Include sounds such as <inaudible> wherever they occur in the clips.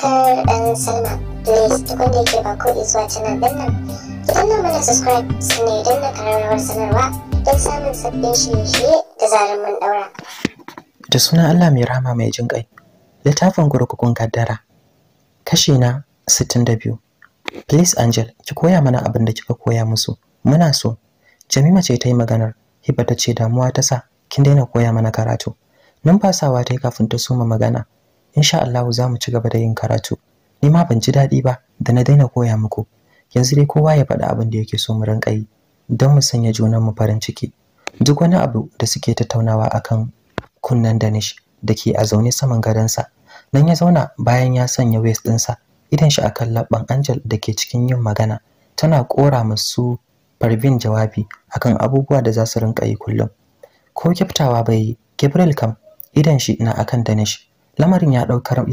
subscribe and sign up. Please tukun da yake ba ko zuwa canal nan. subscribe sannan idan na sanarwa don samun sabbin shirye-shirye da zarar Da Allah mai rahama mai jin Littafin kurkukun kaddara. Kashi na 62. Please Angel, ki koya mana abin da kika koya musu. Muna so. Jamima ce ta yi maganar. Hiba ta ce damuwa ta sa kin daina koya mana karatu. Numfasawa ta yi kafin ta soma magana. insha Allah za mu ci gaba da yin karatu ni ma ban ji daɗi ba da na daina koya muku yanzu dai kowa ya faɗi abin da yake so mu rinka yi don mu sanya junan mu farin ciki duk wani abu da suke tattaunawa akan kunnen danish da ke a zaune saman sa, nan ya zauna bayan ya sanya waist ɗinsa idan shi akan labban angel da ke cikin yin magana tana kora musu barbin jawabi akan abubuwa da za su rinka yi kullum. Ko kyaftawa bai yi, Gabriel kam idan shi na akan Danish lamarin ya daukar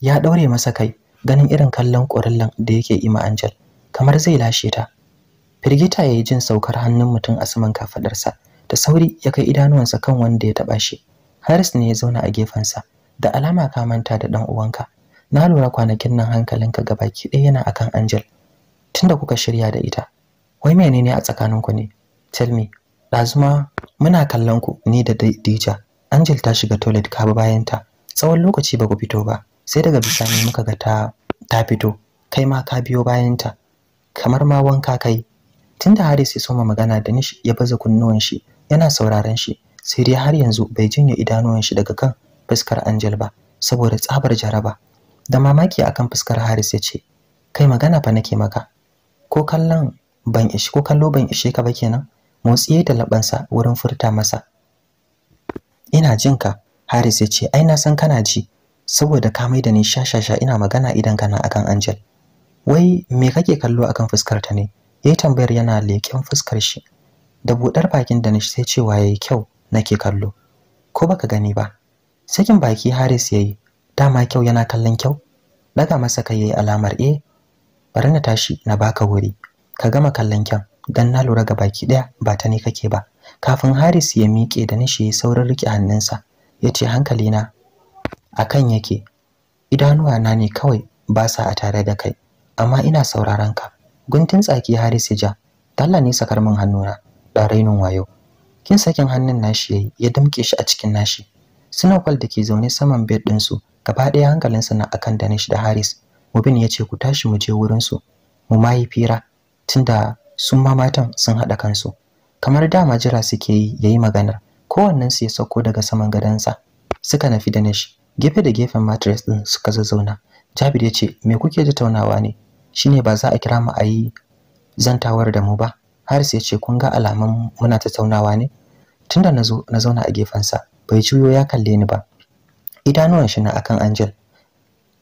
ya daure masa kai ganin irin kallon ƙurillan da yake ima Angel kamar zai lashe ta firgita yi jin saukar hannun mutum a saman kafadarsa da sauri ya kai idanuwansa kan wanda ya taba shi Haris ne ya zauna a sa da alama ka manta da dan uwanka na lura kwanakin nan hankalinka gabaki ɗaya yana akan Angel tunda kuka shirya da ita wai menene a tsakaninku ne tell me ɗazuma muna kallon ku ni da Dija Angel ta shiga toilet ka bi bayan ta tsawon lokaci ba ku fito ba sai daga bisani muka ga ta ta fito kai ma ka biyo bayanta kamar ma wanka kai tunda Haris sai soma magana da nish ya baza kunnuwan shi yana sauraron shi sai dai har yanzu bai jinya idanuwan shi daga kan fuskar Angel ba saboda tsabar jaraba da mamaki akan fuskar Haris ya ce kai magana fa nake maka ko kallon ban ishi ko kallo ban ishe ka ba kenan motsi da labansa wurin furta masa ina jinka Haris ya ce ai na san kana ji saboda ka mai da ni shashasha ina magana idan kana akan Angel wai me kake kallo akan fuskar ta ne yayi tambayar yana leken fuskar shi da buɗar bakin da nishi sai cewa yayi kyau nake kallo ko baka gani ba sakin baki Haris yayi dama kyau yana kallon kyau daga masa kai yayi alamar eh bari na tashi na baka wuri ka gama kallon kyan dan na lura ga baki daya ba ta ne kake ba kafin Haris ya miƙe da nishi saurin rike hannunsa ya ce hankalina a kan yake idanuwa na ne kawai ba sa a tare da kai amma ina sauraron ka guntun tsaki haris ja Talla ne sakar min hannuna da rainin wayo kin sakin hannun nashi yayi ya damke shi a cikin nashi kwal da ke zaune saman bed su, gaba ɗaya hankalinsa na akan Danish da Haris. Mubin ya ce ku tashi mu je wurinsu, mu mayi fira tunda sun ma matan sun haɗa kansu. Kamar dama jira suke yi ya yi maganar, kowannen su ya sauko daga saman gadansa suka nafi da nashi gefe da gefen mattress din suka zazzauna Jabir ya ce me kuke tattaunawa ne shine ba za a kira mu ayi yi zantawar da mu ba Haris ya ce kun ga alaman muna tattaunawa ne tunda na zo na zauna a gefen sa, bai juyo ya kalle ni ba idanuwan shi na akan Angel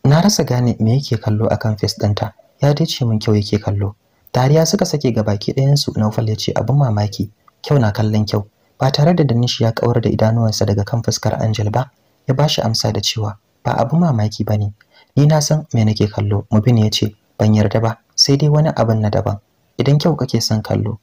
na rasa gane me yake kallo akan face ɗinta ya dace min kyau yake kallo dariya suka sake ga baki ɗayansu na ya ce abin mamaki kyau na kallon kyau ba tare da danish ya kawar da idanuwansa daga kan fuskar angel ba ya bashi amsa da cewa ba abu mamaki ba ne ni na san me nake kallo mubin ya ce ban yarda ba sai dai wani abin na daban idan kyau kake son kallo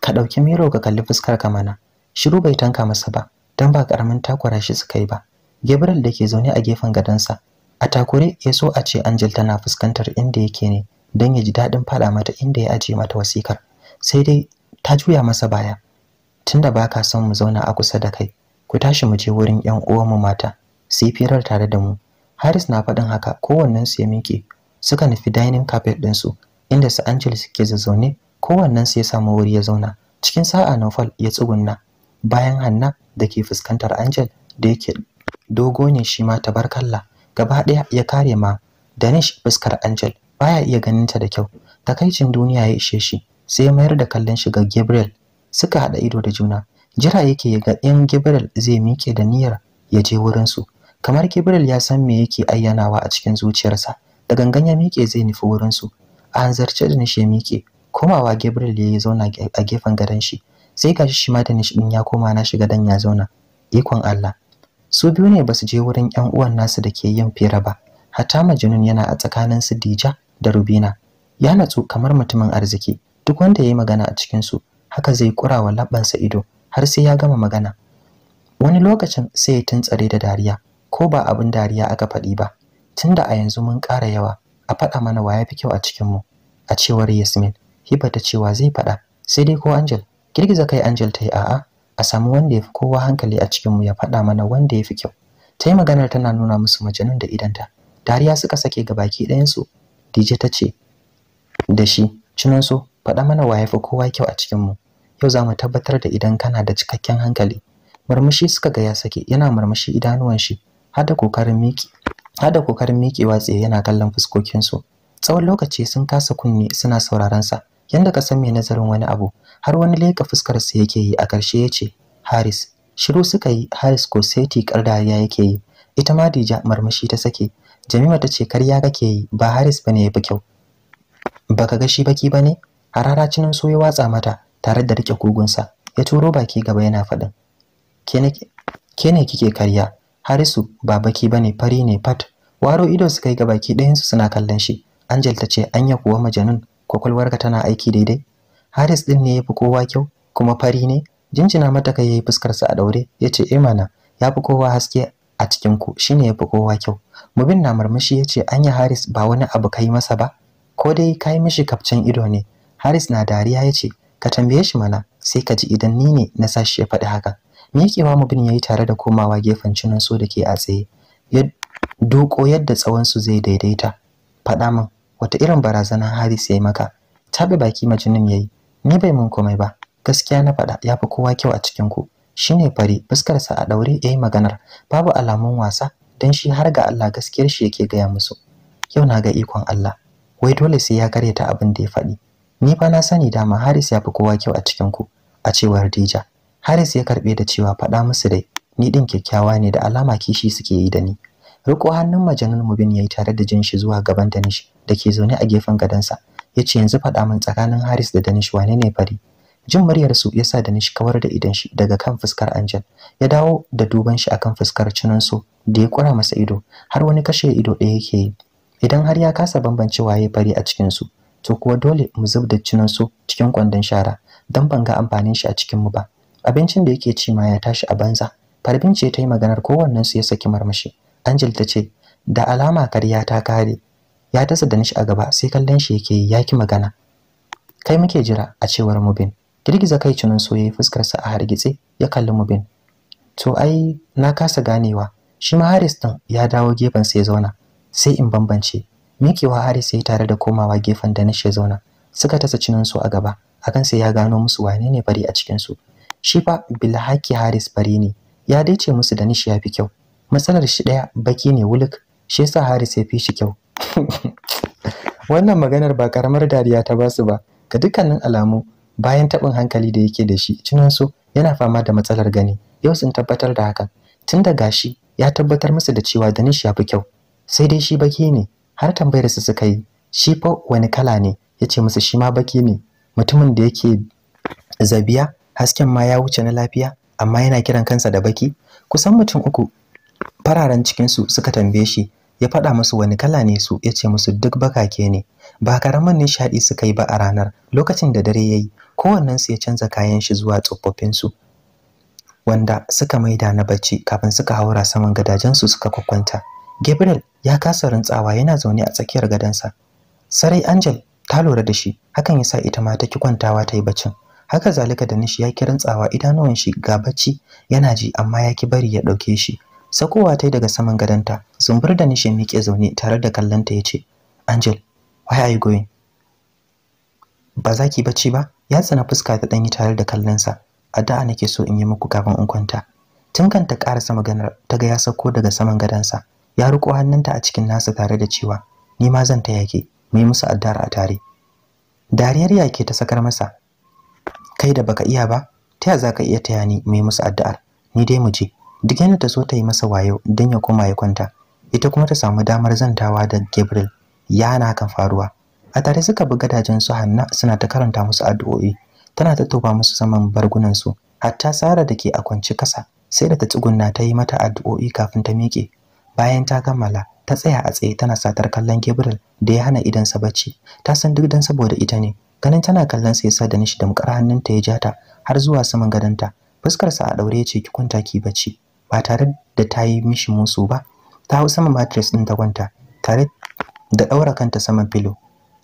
ka ɗauki miro ka kalli fuskar ka mana shiru bai tanka masa ba dan ba karamin takura shi suka yi ba gabriel da ke zaune a gefen gadonsa a takure ya so a ce angel tana fuskantar inda yake ne don ya ji daɗin faɗa mata inda ya ajiye mata wasikar sai dai ta juya masa baya tunda baka son mu zauna a kusa da kai ku tashi mu je wurin yan uwanmu mata sai yi firar tare da mu Haris na faɗin haka kowannen su ya miƙe suka nufi dining carpet din su inda su Angel suke zazzaune kowannen su ya samu wuri ya zauna cikin sa'a Nofal ya tsugunna bayan Hanna da ke fuskantar Angel da yake dogo ne shi ma tabarkalla gaba ɗaya ya kare ma Danish fuskar Angel baya iya ganin ta da kyau takaicin duniya ya ishe shi sai mayar da kallon shi ga Gabriel suka haɗa ido da juna jira yake ya ga in gibril zai miƙe da niyyar ya je wurinsu. kamar gibril ya san me yake ayyanawa a cikin zuciyarsa da ganganya ya miƙe zai nufi wurin su a hanzarce da nishe ya miƙe komawa gibril ya zauna a gefen gadon shi sai gashi shi ma da nishi din ya koma na shiga dan ya zauna ikon Allah su biyu ne basu je wurin ƴan uwan nasu da ke yin fira ba hatta majinun yana a tsakanin su Dija da Rubina ya natsu kamar mutumin arziki duk wanda ya yi magana a cikin su haka zai kurawa labbansa ido har sai ya gama magana wani lokacin sai ya tuntsare da dariya ko ba abin dariya aka faɗi ba tunda a yanzu mun ƙara yawa a faɗa mana wa ya fi kyau a cikin mu a cewar yasmin hiba ta cewa zai faɗa sai dai ko angel girgiza kai angel ta yi a'a a samu wanda ya fi kowa hankali a cikinmu ya faɗa mana wanda ya fi kyau ta yi maganar tana nuna musu majanun da idanta dariya suka sake ga baki ɗayansu Dije ta ce da shi cinansu faɗa mana wa ya fi kowa kyau a cikinmu yau za mu tabbatar da idan kana da cikakken hankali murmushi suka ga ya sake yana murmushi idanuwan shi har da kokarin miki har da kokarin mikewa tsaye yana kallon fuskokin su tsawon lokaci sun kasa kunne suna sauraron sa yanda ka san me nazarin wani abu har wani leka fuskar sa yake yi a karshe ce Haris shiru suka yi Haris ko seti ya yake yi ita ma Dija murmushi ta sake Jamima ta ce karya kake yi ba Haris bane ya fi kyau baka ga shi baki bane harara cinin so ya watsa mata tare da rike kugunsa ya turo baki gaba yana faɗin ke ne kike karya harisu ba baki bane fari ne fat waro ido suka yi gabaki ɗayansu suna kallon shi angel ta ce anya kuwa majanun kwakwalwarka tana aiki daidai haris din ne ya fi kowa kyau kuma fari ne jinjina mata kai yayi fuskarsa a daure ya ce eh mana ya fi kowa haske a cikin ku shine ya fi kowa kyau mubin na murmushi ya ce anya haris ba wani abu kai masa ba ko dai kai mishi kafcen ido ne haris na dariya ya ce ka tambaye shi mana sai ka ji idan ni ne na sashi ya faɗi haka miƙewa mubin yayi tare da komawa gefen cinan so da ke a tsaye ya doko yadda tsawon su zai daidaita faɗa min wata irin barazana Haris yayi maka tabe baki majinin yayi ni bai mun komai ba gaskiya na faɗa yafi kowa kyau a cikin ku shine fari fuskar sa a daure yayi maganar babu alamun wasa dan shi har ga Allah gaskiyar shi yake gaya musu yau na ga ikon Allah wai dole sai ya karyata abin da ya faɗi ni fa na sani dama Haris ya fi kowa kyau a cikin ku a cewar Dija Haris ya karbe da cewa faɗa musu dai ni din kyakkyawa ne da alama kishi suke yi da ni riko hannun majanin mubin yayi tare da jin shi zuwa gaban Danish ke zaune a gefen gadansa yace yanzu faɗa min tsakanin Haris da Danish wane ne fari jin muryarsu ya sa Danish kawar da idan shi daga kan fuskar Anjan. ya dawo da duban shi akan fuskar cinan su da ya kura masa ido har wani kashe ido ɗaya yake yi idan har ya kasa bambance waye fari a cikin su to kuwa dole mu zub da cinan su cikin kwandon shara dan ban ga amfanin shi a cikin mu ba abincin da yake ci ma ya tashi a banza farbin ce ta yi maganar kowannen su ya saki marmashi angel ta ce da alama karya ta kare ya dasa da nishi a gaba sai kallon shi yake yi ki magana kai muke jira a cewar mubin girgiza kai cinan so yayi fuskar sa a hargitse ya kalli mubin to ai na kasa ganewa shi ma haris din ya dawo gefen sai zauna sai in bambance mikewa haris ya tare da komawa gefen da nashe zauna suka tasa cininsu a gaba akan sai ya gano musu wane ne bari a cikin su shi fa bilhaki haris bari ne ya dai ce musu da nishi ya fi kyau matsalar shi ɗaya baki ne wuluk shi yasa haris ya fi shi kyau <laughs> wannan maganar ba karamar dariya ta basu ba ga dukkanin alamu bayan taɓin hankali da yake da shi cininsu yana fama da matsalar gani yau sun tabbatar da hakan tun da gashi ya tabbatar musu da cewa danish ya fi kyau sai dai shi baki ne har tambayar su suka yi shi fa wani kala ne ya ce musu shi ma baki ne mutumin da yake zabiya hasken ma ya wuce na lafiya amma yana kiran kansa da baki kusan mutum uku fararen cikinsu suka tambaye shi ya faɗa musu wani kala ne su ya ce musu duk bakake ne ba karaman nishaɗi suka yi ba a ranar lokacin da dare ya yi kowannensu ya canza kayan shi zuwa tsofaffinsu wanda suka maida na bacci kafin suka haura saman gadajensu suka kwakwanta Gabriel ya kasa rantsawa yana zaune a tsakiyar gadansa. Sarai Angel ta lura da shi, hakan yasa ita ma ta ki kwantawa ta yi baccin. Haka zalika da nishi ya ki rantsawa idanuwan shi ga bacci yana ji amma ya ki bari ya ɗauke shi. Sakowa ta daga saman gadanta, zumbur da nishi miƙe zaune tare da kallonta ya ce, Angel, why are you going? Ba za ki bacci ba? Ya tsana fuska ta ɗanyi tare da kallonsa. Addu'a nake so in yi muku kafin in kwanta. Tun kan ta ƙarasa maganar, ta ga ya sako daga saman gadansa. ya riko hannunta a cikin nasa tare da cewa ni ma zan taya ke mu yi musu addara a tare dariyar yake ta sakar masa kai da baka iya ba taya zaka iya taya ni mu yi musu addu'ar ni dai mu je duk yana ta so ta yi masa wayo don ya koma ya kwanta ita kuma ta samu damar zantawa da Gabriel yana hakan faruwa a tare suka bi gadajen su Hanna suna ta karanta musu addu'o'i tana ta tuba musu saman bargunan su hatta Sara da ke a kwance kasa sai da ta tsugunna ta yi mata addu'o'i kafin ta miƙe bayan ta kammala ta tsaya a tsaye tana satar kallon Gabriel da ya hana idansa bacci ta san duk dan saboda ita ne ganin tana kallon sa yasa da nishi da mukar hannunta ya ja ta har zuwa saman gadonta fuskar sa a daure yace ki kwanta ki bacci ba tare da ta yi mishi musu ba ta hau sama mattress din ta kwanta tare da daura kanta saman filo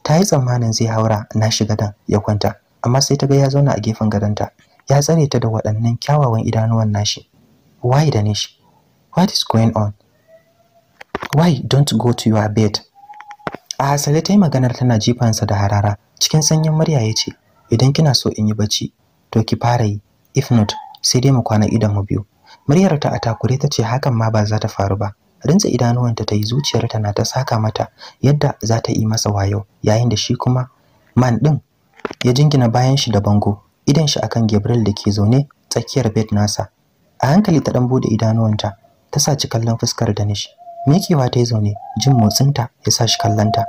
ta yi tsammanin zai haura na shiga dan ya kwanta amma sai ta ga ya zauna a gefen gadonta ya tsare ta da waɗannan kyawawan idanuwan nashi why da nishi what is going on why don't go to your bed a hasali ta yi maganar tana jifansa da harara cikin sanyin murya ya ce idan kina so in yi bacci to ki fara yi if not sai dai mu kwana idan mu biyu muryar ta a takure ta ce hakan ma ba za ta faru ba rinsa idanuwanta ta yi zuciyar ta na ta saka mata yadda za ta yi masa wayo yayin da shi kuma man din ya jingina bayan shi da bango idan shi akan Gabriel da ke zaune tsakiyar bed nasa a hankali ta ɗan bude idanuwanta ta saci kallon fuskar da nishi. ba ta yi zaune, jin motsinta ya sa shi kallanta.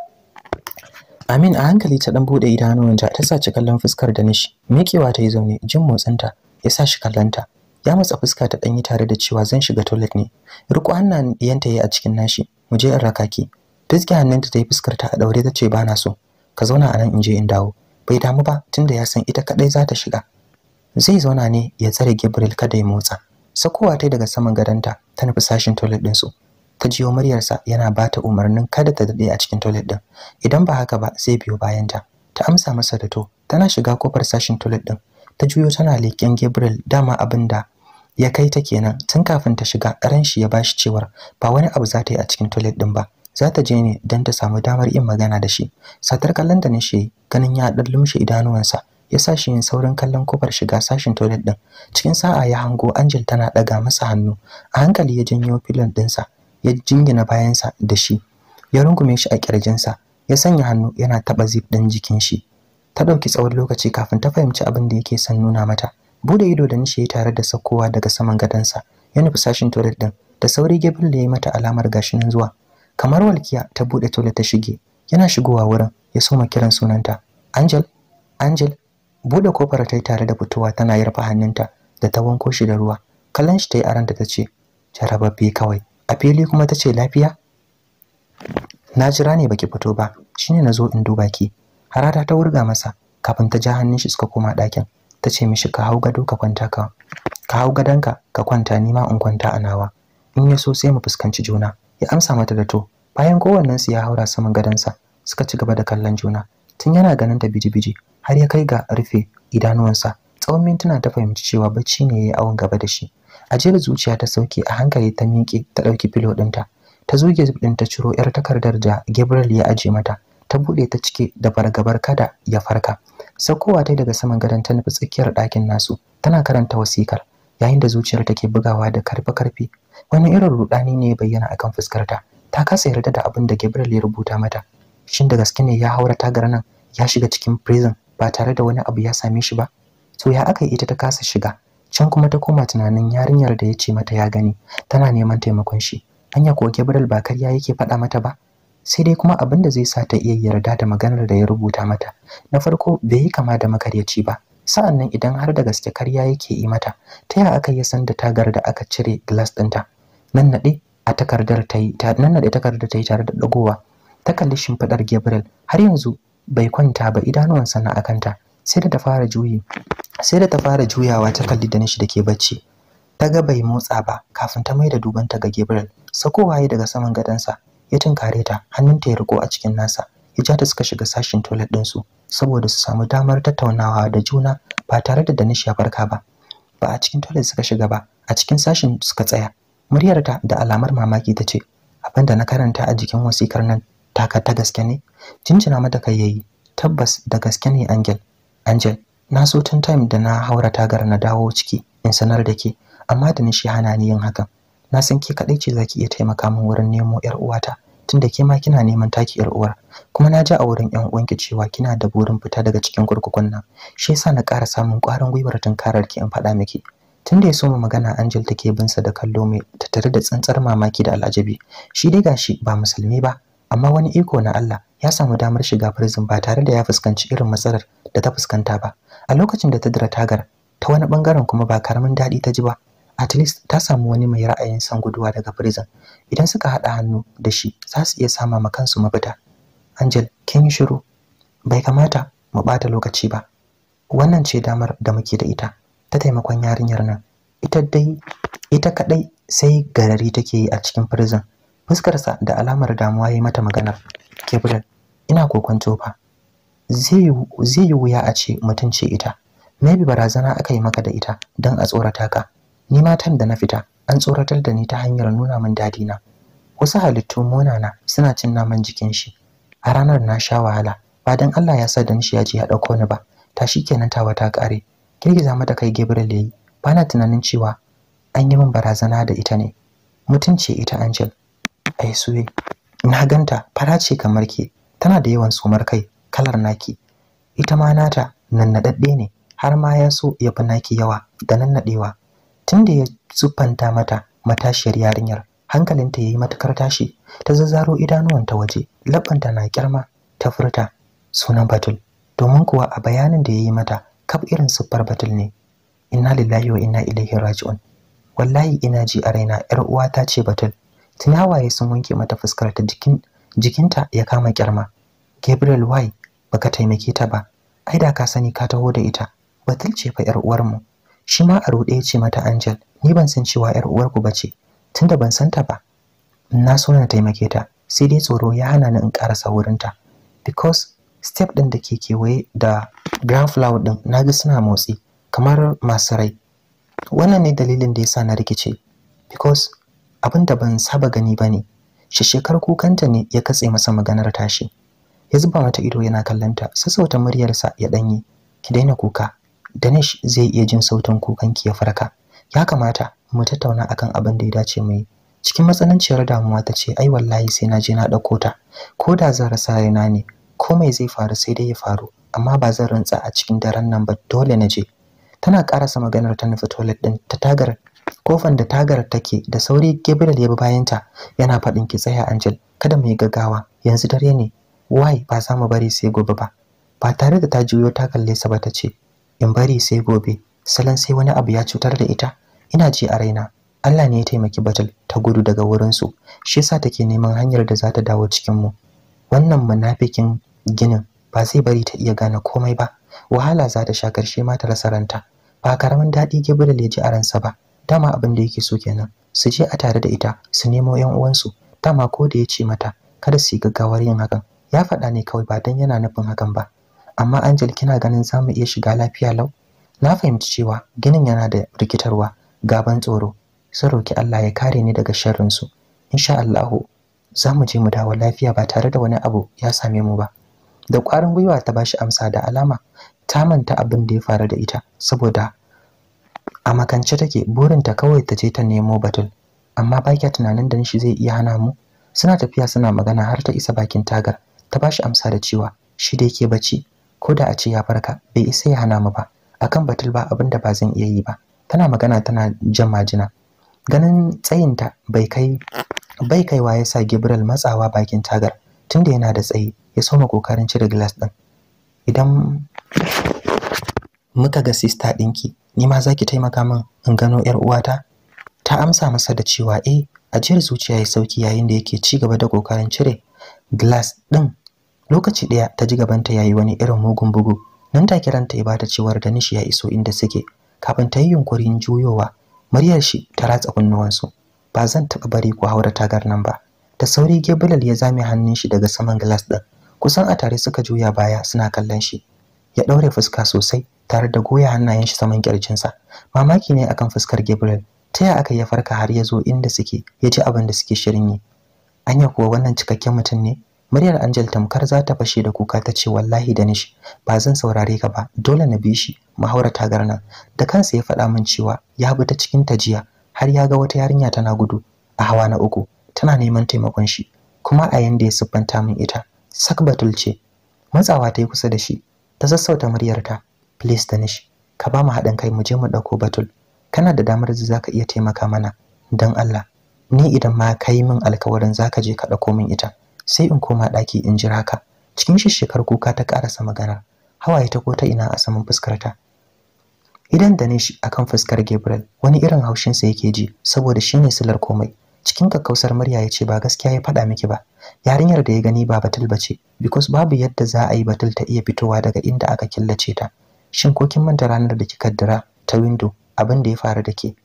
Amin a hankali ta dan bude idanuwanta ta saci kallon fuskar da nishi. Mikewa ta yi zaune, jin motsinta ya sa shi kallanta. Ya matsa fuska ta danyi tare da cewa zan shiga toilet ne. Riko hannan diyanta yi a cikin nashi. Mu je in raka ki. hannunta ta yi fuskar ta a daure ta ce ba na so. Ka zauna a nan in je in dawo. Bai damu ba tunda ya san ita kadai za ta shiga. Zai zauna ne ya tsare Gabriel kada ya motsa. Sakowa ta daga saman gadonta ta nufi sashin toilet din su. ta jiyo muryarsa yana ba ta umarnin kada ta daɗe a cikin toilet ɗin idan ba haka ba zai biyo bayanta ta amsa masa da to tana shiga kofar sashin toilet ɗin ta juyo tana leƙen gabriel dama abin da ya kai ta kenan tun kafin ta shiga ran shi ya ba shi cewar ba wani abu za ta yi a cikin toilet ɗin ba za ta je ne don ta samu damar yin magana da shi satar kallon da nishi ganin ya ɗan lumshe idanuwansa ya sa shi yin saurin kallon kofar shiga sashin toilet ɗin cikin sa'a ya hango angel tana ɗaga masa hannu a hankali ya janyo filon ɗinsa ya jingina bayansa da shi ya rungume shi a kirjinsa ya sanya hannu yana taba zip din jikin shi ta dauki tsawon lokaci kafin ta fahimci abin da yake son nuna mata bude ido da nishi tare da saukowa daga saman gadansa ya nufi sashin toilet din da sauri da ya yi mata alamar gashin zuwa kamar walkiya ta bude toilet ta shige yana shigowa wurin ya soma kiran sunanta Angel Angel bude kofar ta tare da fitowa tana yarfa hannunta da ta wanko shi da ruwa kallon shi ta yi aranta ta ce jarababbe kawai a fili kuma ta ce lafiya na jira ne baki fito ba shine na zo in duba ki harata ta wurga masa kafin ta ja hannun shi suka koma ɗakin ta ce mishi ka hau gado ka kwanta ka ka hau gadonka ka kwanta ni ma in kwanta a nawa in ya so sai mu fuskanci juna ya amsa mata da to bayan kowannen su ya haura saman sa, suka ci gaba da kallon juna tun yana ganin ta biji-biji har ya kai ga rufe idanuwansa tsawon mintuna ta fahimci cewa bacci ne ya yi awon gaba da shi ajiyar zuciya ta sauke a hankali ta miƙe ta ɗauki filo ɗinta ta zuge ɗin ta ciro 'yar takardar da gabriel ya aje mata ta buɗe ta cike da fargabar kada ya farka saukowa ta daga saman gadon ta nufi tsakiyar ɗakin nasu tana karanta wasikar yayin da zuciyar take bugawa da karfe-karfe wani irin rudani ne ya bayyana akan fuskarta ta kasa yarda da abin da gabriel ya rubuta mata shin da gaske ne ya haura tagar nan ya shiga cikin prison ba tare da wani abu ya same shi ba to ya aka yi ita ta kasa shiga can kuma ta koma tunanin yarinyar da ya ce mata ya gani tana neman taimakon shi anya ko Gabriel ba karya yake faɗa mata ba sai dai kuma abin da zai sa ta iya yarda da maganar da ya rubuta mata na farko bai yi kama da makaryaci ba sa'an idan har da gaske karya yake yi mata ta ya aka yi san da tagar da aka cire glass ɗinta nan naɗe a takardar ta yi takardar ta yi tare da ɗagowa ta kalli shimfiɗar Gabriel har yanzu bai kwanta ba idanuwansa na akanta sai da ta fara juyi sai da ta fara juyawa ta kalli da nishi dake bacci ta ga bai motsa ba kafin ta maida dubanta ga Gabriel sakowa waye daga saman sa? ya tunkare ta hannunta ya riko a cikin nasa ya ja ta suka shiga sashin toilet din su saboda su samu damar tattaunawa da juna ba tare da Danish ya farka ba ba a cikin toilet suka shiga ba a cikin sashin suka tsaya muryar ta da alamar mamaki ta ce abinda na karanta a jikin wasikar nan taka ta gaske ne jinjina mata kai yayi tabbas da gaske ne Angel Angel na so tun time da na haura tagar na dawo ciki in sanar da ke amma da shi hana ni yin hakan na san ke kadai ce zaki iya taimaka min wurin nemo yar uwata tunda ke ma kina neman taki yar uwar kuma na ji a wurin yan uwanki cewa kina da burin fita daga cikin kurkukun nan shi yasa na ƙara samun ƙwarin gwiwar tunkarar ki in faɗa miki tunda ya soma magana Angel take bin sa da kallo mai tattare da tsantsar mamaki da al'ajabi shi dai gashi ba musulmi ba amma wani iko na Allah ya samu damar shiga prison ba tare da ya fuskanci irin matsalar da ta fuskanta ba a lokacin da ta dira tagar ta wani bangaren kuma ba karamin daɗi ta ji ba at least ta samu wani mai ra'ayin son guduwa daga prison idan suka haɗa hannu da shi za su iya sama ma kansu mafita angel kin yi shiru bai kamata mu ɓata lokaci ba wannan ce damar da muke da ita ta taimakon yarinyar nan ita dai ita kadai sai garari take yi a cikin prison fuskarsa da alamar damuwa ya yi mata maganar gabriel ina kokon tofa. zai yi wuya a ce mutum ce ita maybe barazana aka yi maka da ita don a tsorata ka ni matan da na fita an tsoratar da ni ta hanyar nuna min dadi na wasu halittu monana suna cin naman jikin shi a ranar na sha wahala ba don Allah ya sa dan shi ya je ya dauko ni ba tashi kenan tawa ta kare girgiza mata kai Gabriel yayi na tunanin cewa an yi min barazana da ita ne mutum ce ita Angel ai suwe na ganta fara ce kamar ke tana da yawan sumar kai kalar naki ita ma nata nannaɗaɗɗe ne har ma ya so ya fi naki yawa da nannaɗewa tunda ya siffanta mata matashiyar yarinyar hankalinta ya yi matukar tashi ta zazzaro ta waje labanta na kyarma ta furta sunan batul domin kuwa a bayanin da yayi mata kaf irin siffar batul ne inna lillahi wa inna ilaihi raji'un wallahi ina ji a raina yar uwa ta ce batul tunawaye sun wanke mata fuskar ta jikin jikinta ya kama kyarma gabriel y baka taimake ta ba ai da ka sani ka taho da ita batul ce fa yar uwar mu shi ma a rude ya ce mata Angel ni ban san cewa yar uwar ku bace tunda ban san ta ba na so na taimake ta sai dai tsoro ya hana ni in karasa wurin ta because step din da ke kewaye da ground ɗin din naga suna motsi kamar masu rai wannan ne dalilin da yasa na rikice because abin da ban saba gani bane shekar kukanta ne ya katse masa maganar tashi ya zuba wata ido yana kallonta sassauta muryarsa ya danye ki daina kuka Danish zai iya jin sautin kukanki ya farka ya kamata mu tattauna akan abin da ya dace mu yi cikin matsananciyar damuwa ta ce ai wallahi sai na je na ɗauko ta ko da zan rasa raina ne komai zai faru sai dai ya faru amma ba zan rantsa a cikin daren nan ba dole na je tana karasa maganar ta nufi toilet din ta tagar kofan da tagar take da sauri Gabriel ya bi bayanta yana faɗin ki tsaya Angel kada mu yi gaggawa yanzu dare ne wai ba za mu bari sai gobe ba ba tare da ta juyo ta kalle sa ba ta ce in bari sai gobe salon sai wani abu ya cutar da ita ina ji a raina Allah ne ya taimaki Batul ta gudu daga wurin su shi yasa take neman hanyar da za ta dawo cikin mu wannan munafikin ginin ba zai bari ta iya gane komai ba wahala za ta sha karshe ma ta rasa ranta ba karamin daɗi Gabriel ya ji a ransa ba dama abin da yake so kenan su je a tare da ita su nemo yan uwansu dama ko da ya ce mata kada su yi gaggawar yin hakan ya faɗa ne kawai ba don yana nufin hakan ba amma angel kina ganin za mu iya shiga lafiya lau na fahimci cewa ginin yana da rikitarwa gaban tsoro sun roki allah ya kare ni daga sharrinsu insha allahu za mu je mu dawo lafiya ba tare da wani abu ya same mu ba da ƙwarin gwiwa ta bashi amsa da alama ta manta abin da ya faru da ita saboda a makance take burinta kawai ta je ta nemo batul amma ba tunanin da shi zai iya hana mu suna tafiya suna magana har ta isa bakin tagar ta ba shi amsa da cewa shi da yake bacci ko da a ce ya farka bai isa ya hana mu ba akan batul ba abinda ba zan iya yi ba tana magana tana jan majina ganin tsayinta bai kai bai kaiwa ya sa Gabriel matsawa bakin tagar tunda yana da tsayi ya soma kokarin cire glass din idan muka ga sista ɗinki ni ma za taimaka min in gano ‘yar uwata? Ta amsa masa da cewa eh ajiyar zuciya ya sauki yayin da yake ci gaba da kokarin cire glass ɗin lokaci ɗaya ta ji gabanta yayi wani irin mugun bugu nan take ranta ya bata cewar da nishi ya iso inda suke kafin ta yi yunkurin juyowa muryar shi ta ratsa kunnuwansu ba zan taɓa bari ku haura tagar nan ba da sauri Gabriel ya zame hannun shi daga saman glass ɗin kusan a tare suka juya baya suna kallon shi ya daure fuska sosai tare da goya hannayen shi saman kirjin sa mamaki ne akan fuskar gebulal ta ya aka ya farka har ya zo inda suke ya ji abin da suke shirin yi anya kuwa wannan cikakken mutum ne Muryar Angel tamkar za ta fashe da kuka ta ce wallahi da Danish ba zan saurare ka ba dole na bi shi mu haura da kansa ya faɗa min cewa ya bi ta cikin tajiya har ya ga wata yarinya tana gudu a hawa na uku tana neman taimakon shi kuma a yanda ya siffanta min ita sakbatul ce matsawa ta yi kusa da shi ta sassauta muryarta please Danish ka ba mu haɗin kai mu je mu ɗauko batul kana da damar da zaka iya taimaka mana don Allah ni idan ma ka yi min alkawarin zaka je ka ɗauko min ita sai in koma ɗaki in jira ka cikin shishikar kuka ta ƙarasa magana hawaye ta ko ta ina a saman fuskarta idan da ne shi akan fuskar Gabriel wani irin haushin sa yake ji saboda shine silar komai cikin kakkausar murya ya ce ba gaskiya ya faɗa miki ba yarinyar da ya gani ba batul bace because babu yadda za a yi batul ta iya fitowa daga inda aka killace ta shin ko kin manta ranar da kika dira ta window abin da ya faru da ke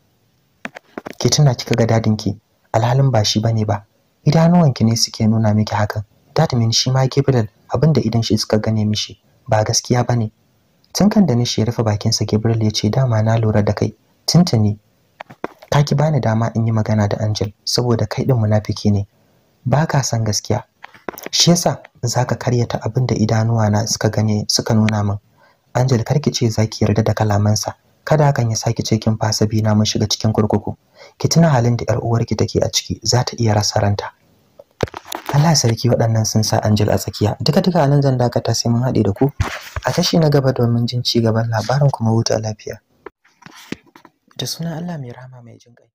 ki tuna kika ga dadin ki alhalin ba shi bane ba idanuwanki ne suke nuna miki hakan that mean shi ma Gabriel abinda idan shi suka gane mishi ba gaskiya bane tun kan da nishi ya rufe bakinsa Gabriel ya ce dama na lura da kai tuntuni ka ki bani dama in yi magana da Angel saboda kai din munafiki ne ba ka san gaskiya shi yasa zaka karyata abinda idanuwana suka gane suka nuna min Angel karki ce zaki yarda da kalamansa kada hakan ya saki ce kin fasa na mun shiga cikin kurkuku ki tuna halin da yar uwarki take a ciki za ta iya rasa ranta Allah sarki waɗannan sun sa Angel a tsakiya duka duka nan zan dakata sai mun haɗe da ku a tashi na gaba domin jin ci gaban labarin kuma huta lafiya da sunan Allah mai rahama mai jin kai